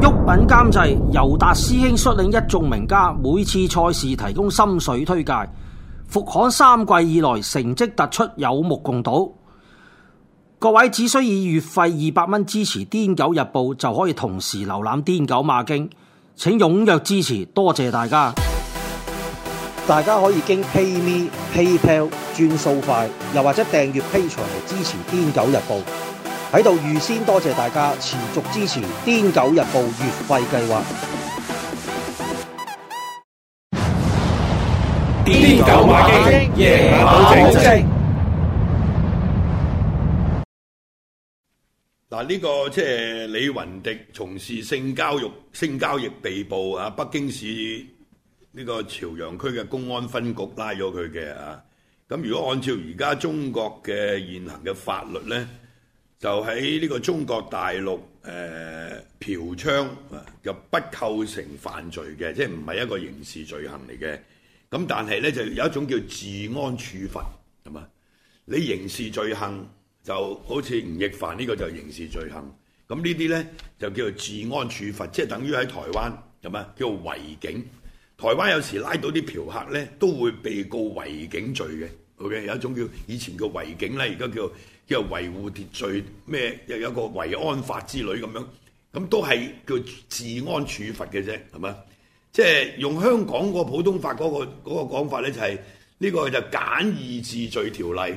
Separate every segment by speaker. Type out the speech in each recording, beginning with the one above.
Speaker 1: 玉品監製尤達師兄率領一眾名家，每次賽事提供心水推介。復刊三季以來成績突出，有目共睹。各位只需要以月費二百蚊支持《癲狗日報》，就可以同時瀏覽《癲狗馬經》。請踴躍支持，多謝大家！大家可以經 PayMe、PayPal 轉數快，又或者訂閱 Patreon 嚟支持《癲狗日報》。喺度預先多謝大家持續支持《癲狗日報》月費計劃。癲狗馬經嗱，呢個即係李雲迪從事性交育性交易被捕啊！北京市呢個朝陽區嘅公安分局拉咗佢嘅啊。咁、啊、如果按照而家中國嘅現行嘅法律咧？就喺呢個中國大陸誒、呃，嫖娼就不構成犯罪嘅，即係唔係一個刑事罪行嚟嘅。咁但係呢，就有一種叫治安處罰，係嘛？你刑事罪行就好似吳亦凡呢個就係刑事罪行。咁呢啲呢，就叫做治安處罰，即係等於喺台灣叫違警。台灣有時拉到啲嫖客呢，都會被告違警罪嘅。OK，有一種叫以前叫違警呢，而家叫。叫維護秩序咩？又有一個維安法之類咁樣，咁都係叫治安處罰嘅啫，係嘛？即係用香港個普通法嗰個嗰個講法咧，就係呢個就簡易治罪條例，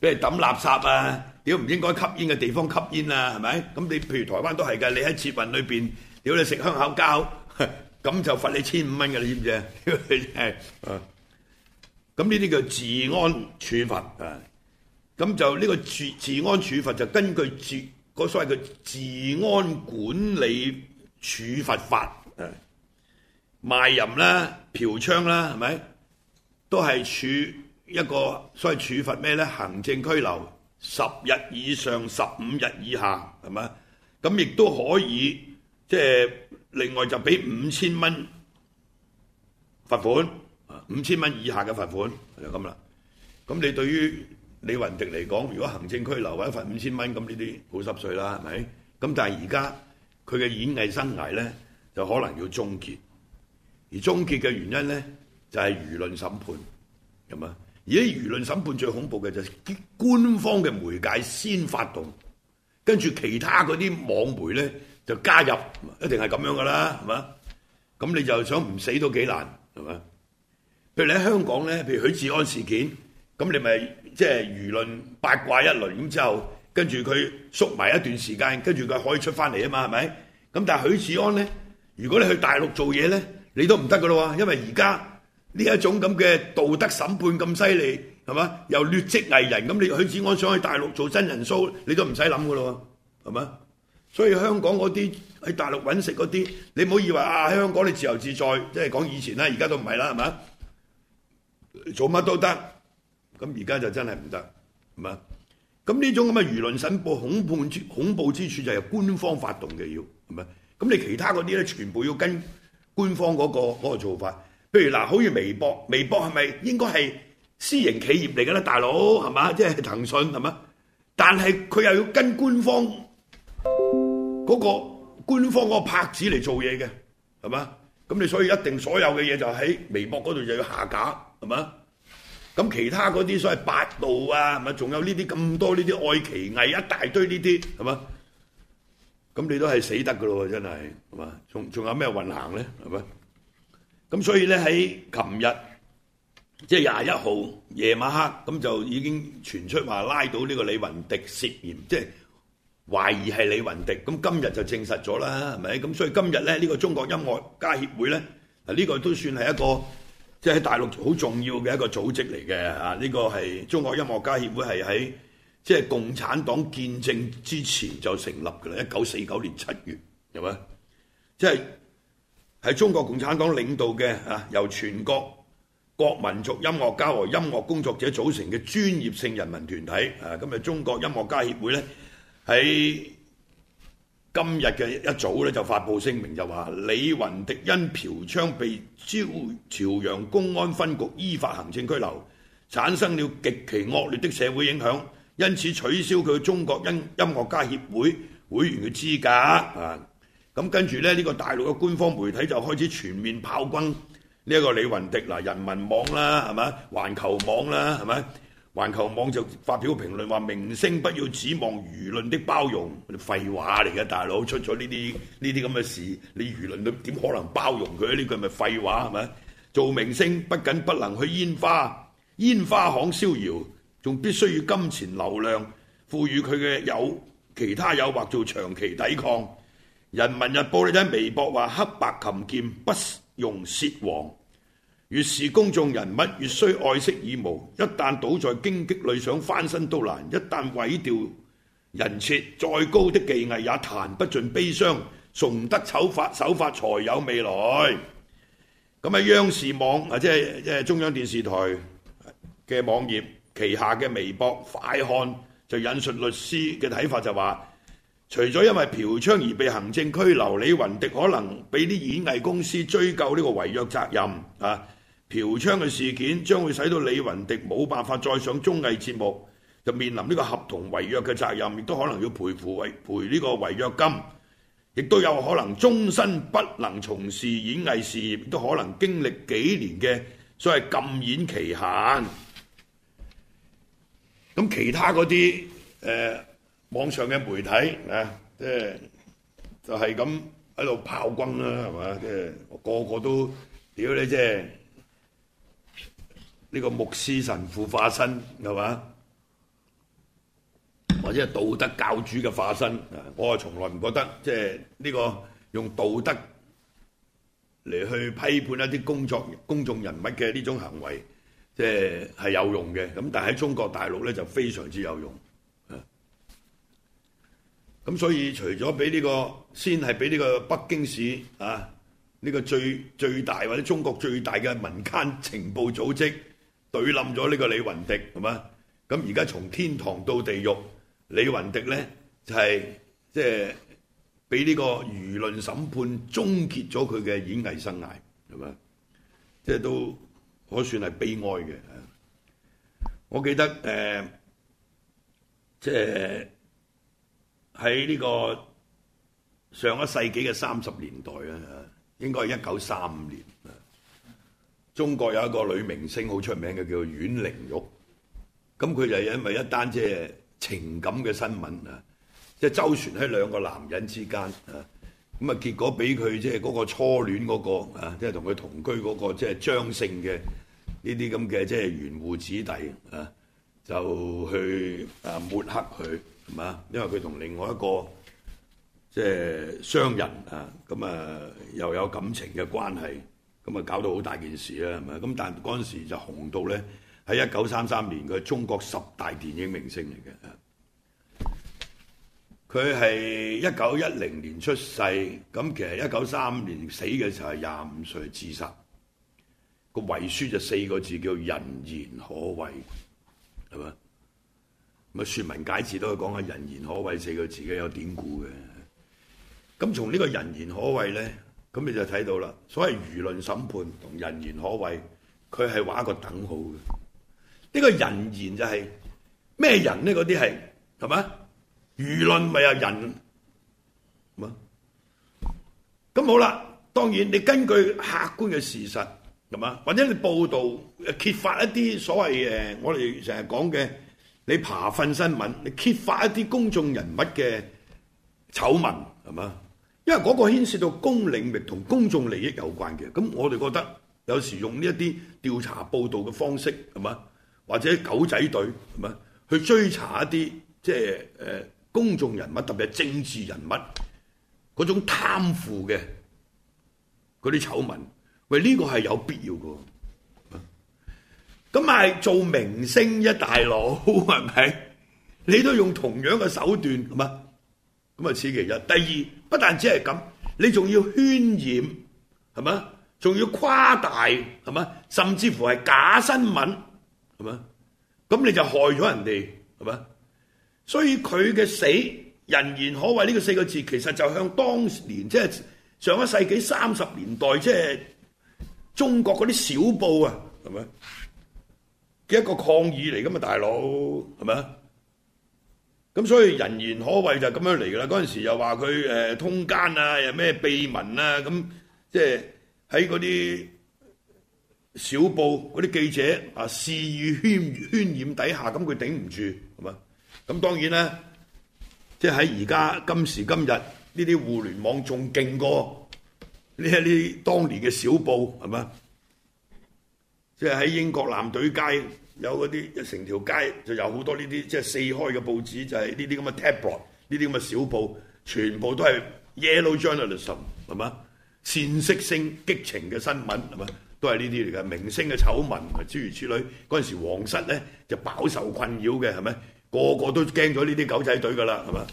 Speaker 1: 比如抌垃圾啊，屌唔應該吸煙嘅地方吸煙啊，係咪？咁你譬如台灣都係㗎，你喺捷運裏邊屌你食香口膠，咁 就罰你千五蚊嘅，你知唔知啊？誒，咁呢啲叫治安處罰啊。是吧？咁就呢個治治安處罰就根據治嗰所謂嘅治安管理處罰法，誒賣淫啦、嫖娼啦，係咪都係處一個所謂處罰咩咧？行政拘留十日以上十五日以下係咪？咁亦都可以即係、就是、另外就俾五千蚊罰款，五千蚊以下嘅罰款就咁、是、啦。咁你對於李雲迪嚟講，如果行政拘留或者罰五千蚊，咁呢啲好濕碎啦，係咪？咁但係而家佢嘅演藝生涯咧，就可能要終結。而終結嘅原因咧，就係輿論審判，係咪？而喺輿論審判最恐怖嘅就係官方嘅媒介先發動，跟住其他嗰啲網媒咧就加入，一定係咁樣㗎啦，係咪？咁你就想唔死都幾難，係咪？譬如你喺香港咧，譬如許志安事件，咁你咪。即係輿論八卦一輪，咁之後跟住佢縮埋一段時間，跟住佢可以出翻嚟啊嘛，係咪？咁但係許志安呢，如果你去大陸做嘢呢，你都唔得噶咯喎，因為而家呢一種咁嘅道德審判咁犀利，係嘛？又劣跡藝人，咁你許志安想去大陸做真人 show，你都唔使諗噶咯喎，係嘛？所以香港嗰啲喺大陸揾食嗰啲，你唔好以為啊喺香港你自由自在，即係講以前啦，而家都唔係啦，係嘛？做乜都得。咁而家就真係唔得，係咪？咁呢種咁嘅輿論審判恐怖之恐怖之處就係官方發動嘅，要係咪？咁你其他嗰啲咧，全部要跟官方嗰個嗰個做法。譬如嗱，好似微博，微博係咪應該係私營企業嚟嘅咧？大佬係嘛？即係、即係、騰訊係咪？但係佢又要跟官方嗰個官方嗰個拍子嚟做嘢嘅，係嘛？咁你所以一定所有嘅嘢就喺微博嗰度就要下架，係咪？咁其他嗰啲所謂百度啊，咪仲有呢啲咁多呢啲愛奇藝一大堆呢啲，係嘛？咁你都係死得噶咯喎！真係係嘛？仲仲有咩運行咧？係嘛？咁所以咧喺琴日，即係廿一號夜晚黑，咁就已經傳出話拉到呢個李雲迪涉嫌，即係懷疑係李雲迪。咁今日就證實咗啦，係咪？咁所以今日咧，呢個中國音樂家協會咧，嗱呢個都算係一個。即係大陸好重要嘅一個組織嚟嘅嚇，呢個係中國音樂家協會，係喺即係共產黨建政之前就成立㗎啦，一九四九年七月，係咪？即係喺中國共產黨領導嘅嚇，由全國各民族音樂家和音樂工作者組成嘅專業性人民團體啊！咁啊，中國音樂家協會咧喺。今日嘅一早咧就發布聲明，就話李雲迪因嫖娼被朝朝陽公安分局依法行政拘留，產生了極其惡劣的社會影響，因此取消佢中國音音樂家協會會員嘅資格、嗯、啊！咁跟住咧，呢個大陸嘅官方媒體就開始全面炮轟呢個李雲迪嗱，人民網啦，係咪？環球網啦，係咪？環球網就發表評論話，明星不要指望輿論的包容，廢話嚟嘅，大佬出咗呢啲呢啲咁嘅事，你輿論點可能包容佢？呢句咪廢話係咪？做明星不僅不能去煙花，煙花巷逍遙，仲必須要金錢流量賦予佢嘅有其他誘惑做長期抵抗。人民日報你睇微博話：黑白琴鍵不容涉黃。越是公眾人物，越需愛惜羽毛。一旦倒在荊棘裡，想翻身都難。一旦毀掉人設，再高的技藝也談不盡悲傷。崇德丑法，手法才有未來。咁喺央視網啊，即係中央電視台嘅網頁旗下嘅微博快看就引述律師嘅睇法，就話：除咗因為嫖娼而被行政拘留，李雲迪可能俾啲演藝公司追究呢個違約責任啊。嫖娼嘅事件將會使到李雲迪冇辦法再上綜藝節目，就面臨呢個合同違約嘅責任，亦都可能要賠付違賠呢個違約金，亦都有可能終身不能從事演藝事業，亦都可能經歷幾年嘅所謂禁演期限。咁、嗯、其他嗰啲誒網上嘅媒體啊，即係就係咁喺度炮轟啦，係嘛？即、就、係、是、我個個都屌你即係。呢個牧師神父化身係嘛，或者係道德教主嘅化身，我啊從來唔覺得即係呢個用道德嚟去批判一啲工作公眾人物嘅呢種行為，即係係有用嘅。咁但係喺中國大陸咧就非常之有用，咁所以除咗俾呢個先係俾呢個北京市啊呢個最最大或者中國最大嘅民間情報組織。對冧咗呢個李雲迪係嘛？咁而家從天堂到地獄，李雲迪咧就係即係俾呢個輿論審判終結咗佢嘅演藝生涯係嘛？即係、就是、都可算係悲哀嘅。我記得誒，即係喺呢個上一世紀嘅三十年代啦，應該係一九三五年。中國有一個女明星好出名嘅叫阮玲玉，咁佢就係因為一單即係情感嘅新聞啊，即係周旋喺兩個男人之間啊，咁啊結果俾佢即係嗰個初戀嗰個啊，即係同佢同居嗰個即係張姓嘅呢啲咁嘅即係紈絝子弟啊，就去啊抹黑佢係嘛？因為佢同另外一個即係商人啊，咁啊又有感情嘅關係。咁啊，就搞到好大件事啦，係嘛？咁但係嗰時就紅到咧，喺一九三三年佢係中國十大電影明星嚟嘅。佢係一九一零年出世，咁其實一九三五年死嘅時候係廿五歲自殺。個遺書就四個字叫人言可畏，係嘛？咁啊，説文解字都可以講下人言可畏四個字嘅有典故嘅。咁從呢個人言可畏咧。咁你就睇到啦，所謂輿論審判同人言可畏，佢係畫一個等號嘅。呢個人言就係、是、咩人呢？嗰啲係係嘛？輿論咪有人，咁咁好啦，當然你根據客觀嘅事實，係嘛？或者你報導揭發一啲所謂我哋成日講嘅你扒糞新聞，你揭發一啲公眾人物嘅醜聞，係嘛？因為嗰個牽涉到公領域同公眾利益有關嘅，咁我哋覺得有時用呢一啲調查報導嘅方式係嘛？或者狗仔隊係嘛？去追查一啲即係誒公眾人物特別係政治人物嗰種貪腐嘅嗰啲醜聞，喂呢個係有必要嘅，咁係做明星一大佬係咪？你都用同樣嘅手段係嘛？是咁啊！此其一。第二不但只係咁，你仲要渲染係嘛？仲要誇大係嘛？甚至乎係假新聞係嘛？咁你就害咗人哋係嘛？所以佢嘅死人言可畏呢個四個字，其實就向當年即係上一世紀三十年代即係中國嗰啲小報啊，係嘛？嘅一個抗議嚟噶嘛，大佬係嘛？咁所以人言可畏就咁樣嚟㗎啦。嗰陣時候又話佢誒通奸啊，又咩秘聞啊，咁即係喺嗰啲小報嗰啲記者啊，肆意渲渲染底下，咁佢頂唔住係嘛？咁當然咧，即係喺而家今時今日呢啲互聯網仲勁過呢一啲當年嘅小報係嘛？即係喺英國艦隊街。有嗰啲成條街就有好多呢啲即係四開嘅報紙，就係、是、呢啲咁嘅 tabloid，呢啲咁嘅小報，全部都係 yellow journalism，係嘛？煽色性、激情嘅新聞，係嘛？都係呢啲嚟嘅明星嘅醜聞同埋諸如此類的。嗰陣時皇室咧就飽受困擾嘅，係咪？個個都驚咗呢啲狗仔隊㗎啦，係嘛？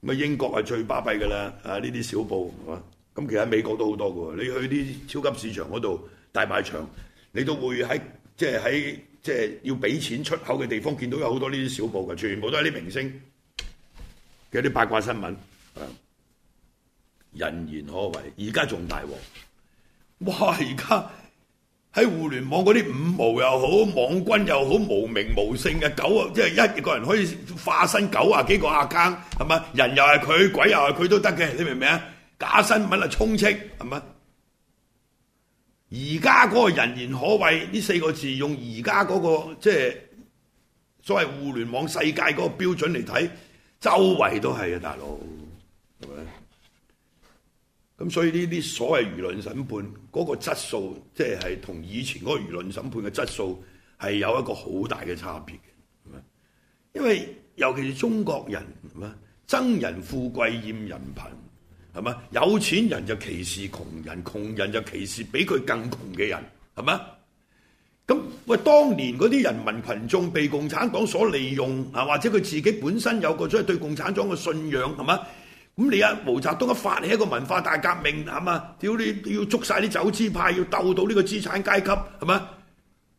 Speaker 1: 咁啊英國係最巴閉㗎啦，啊呢啲小報，係嘛？咁其實美國都好多㗎喎，你去啲超級市場嗰度大賣場，你都會喺。即係喺即係要俾錢出口嘅地方，見到有好多呢啲小報嘅，全部都係啲明星嘅啲八卦新聞，人言可畏，而家仲大鑊！哇！而家喺互聯網嗰啲五毛又好，網軍又好，無名無姓嘅九即係、就是、一個人可以化身九啊幾個 account 係咪？人又係佢，鬼又係佢都得嘅，你明唔明啊？假新聞啊，充斥，係咪？是而家嗰個人言可畏呢四個字用現在、那個，用而家嗰個即係所謂互聯網世界嗰個標準嚟睇，周圍都係嘅、啊，大佬。咁所以呢啲所謂輿論審判嗰、那個質素，即係同以前嗰個輿論審判嘅質素係有一個好大嘅差別嘅，因為尤其是中國人，咩？憎人富貴，厭人貧。係嘛？有錢人就歧視窮人，窮人就歧視比佢更窮嘅人，係嘛？咁喂，當年嗰啲人民群眾被共產黨所利用，嚇或者佢自己本身有個即係對共產黨嘅信仰，係嘛？咁你阿毛澤東一發起一個文化大革命，係嘛？屌你要捉晒啲走資派，要鬥到呢個資產階級，係嘛？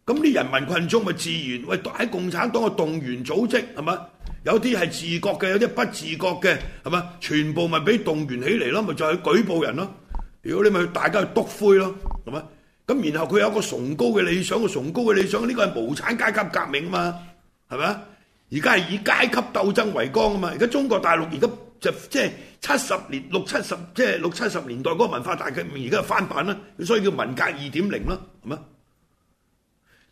Speaker 1: 咁啲人民群眾咪自然喂喺共產黨嘅動員組織，係嘛？有啲係自覺嘅，有啲不自覺嘅，係咪？全部咪俾動員起嚟咯，咪再去舉報人咯。如果你咪去大家去督灰咯，係咪？咁然後佢有一個崇高嘅理想，個崇高嘅理想呢個係無產階級革命啊嘛，係咪？而家係以階級鬥爭為綱啊嘛，而家中國大陸而家就即係七十年六七十即係六七十年代嗰個文化大革命，而家係翻版啦，所以叫文革二點零啦，係咪？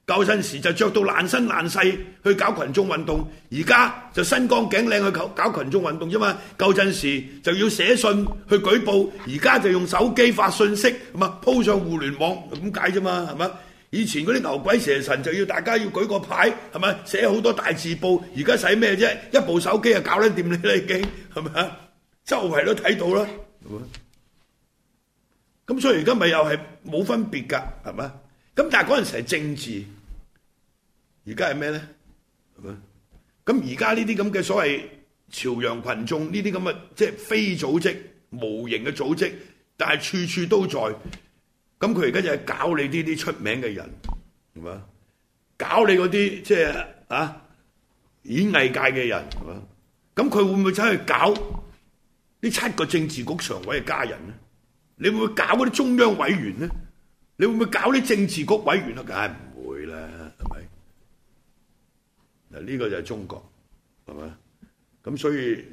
Speaker 1: 舊陣時就着到爛身爛世去搞群眾運動，而家就身光頸靚去搞搞群眾運動啫嘛。舊陣時就要寫信去舉報，而家就用手機發信息，係嘛，鋪上互聯網咁解啫嘛，係嘛？以前嗰啲牛鬼蛇神就要大家要舉個牌，係咪寫好多大字報？而家使咩啫？一部手機就搞得掂，你都已經係咪啊？周圍都睇到啦，係嘛？咁所以而家咪又係冇分別㗎，係嘛？咁但係嗰陣時係政治。而家係咩咧？咁而家呢啲咁嘅所謂朝陽群眾，呢啲咁嘅即係非組織、無形嘅組織，但係處處都在。咁佢而家就係搞你呢啲出名嘅人，係嘛？搞你嗰啲即係啊演藝界嘅人，係嘛？咁佢會唔會走去搞呢七個政治局常委嘅家人咧？你會唔會搞嗰啲中央委員咧？你會唔會搞啲政治局委員啊？梗呢個就係中國，係嘛？咁所以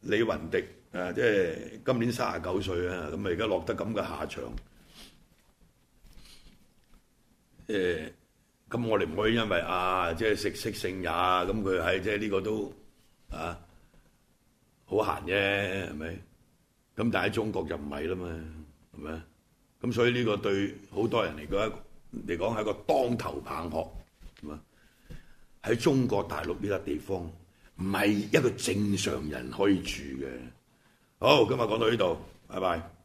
Speaker 1: 李雲迪誒，即係今年三十九歲啦，咁啊而家落得咁嘅下場誒，咁我哋唔可以因為啊，即係食色性也，咁佢喺即係呢個都啊好閒啫，係咪？咁但係喺中國就唔係啦嘛，係咪？咁所以呢個對好多人嚟講，嚟講係一個當頭棒喝。喺中國大陸呢個地方，唔係一個正常人可以住嘅。好，今日講到呢度，拜拜。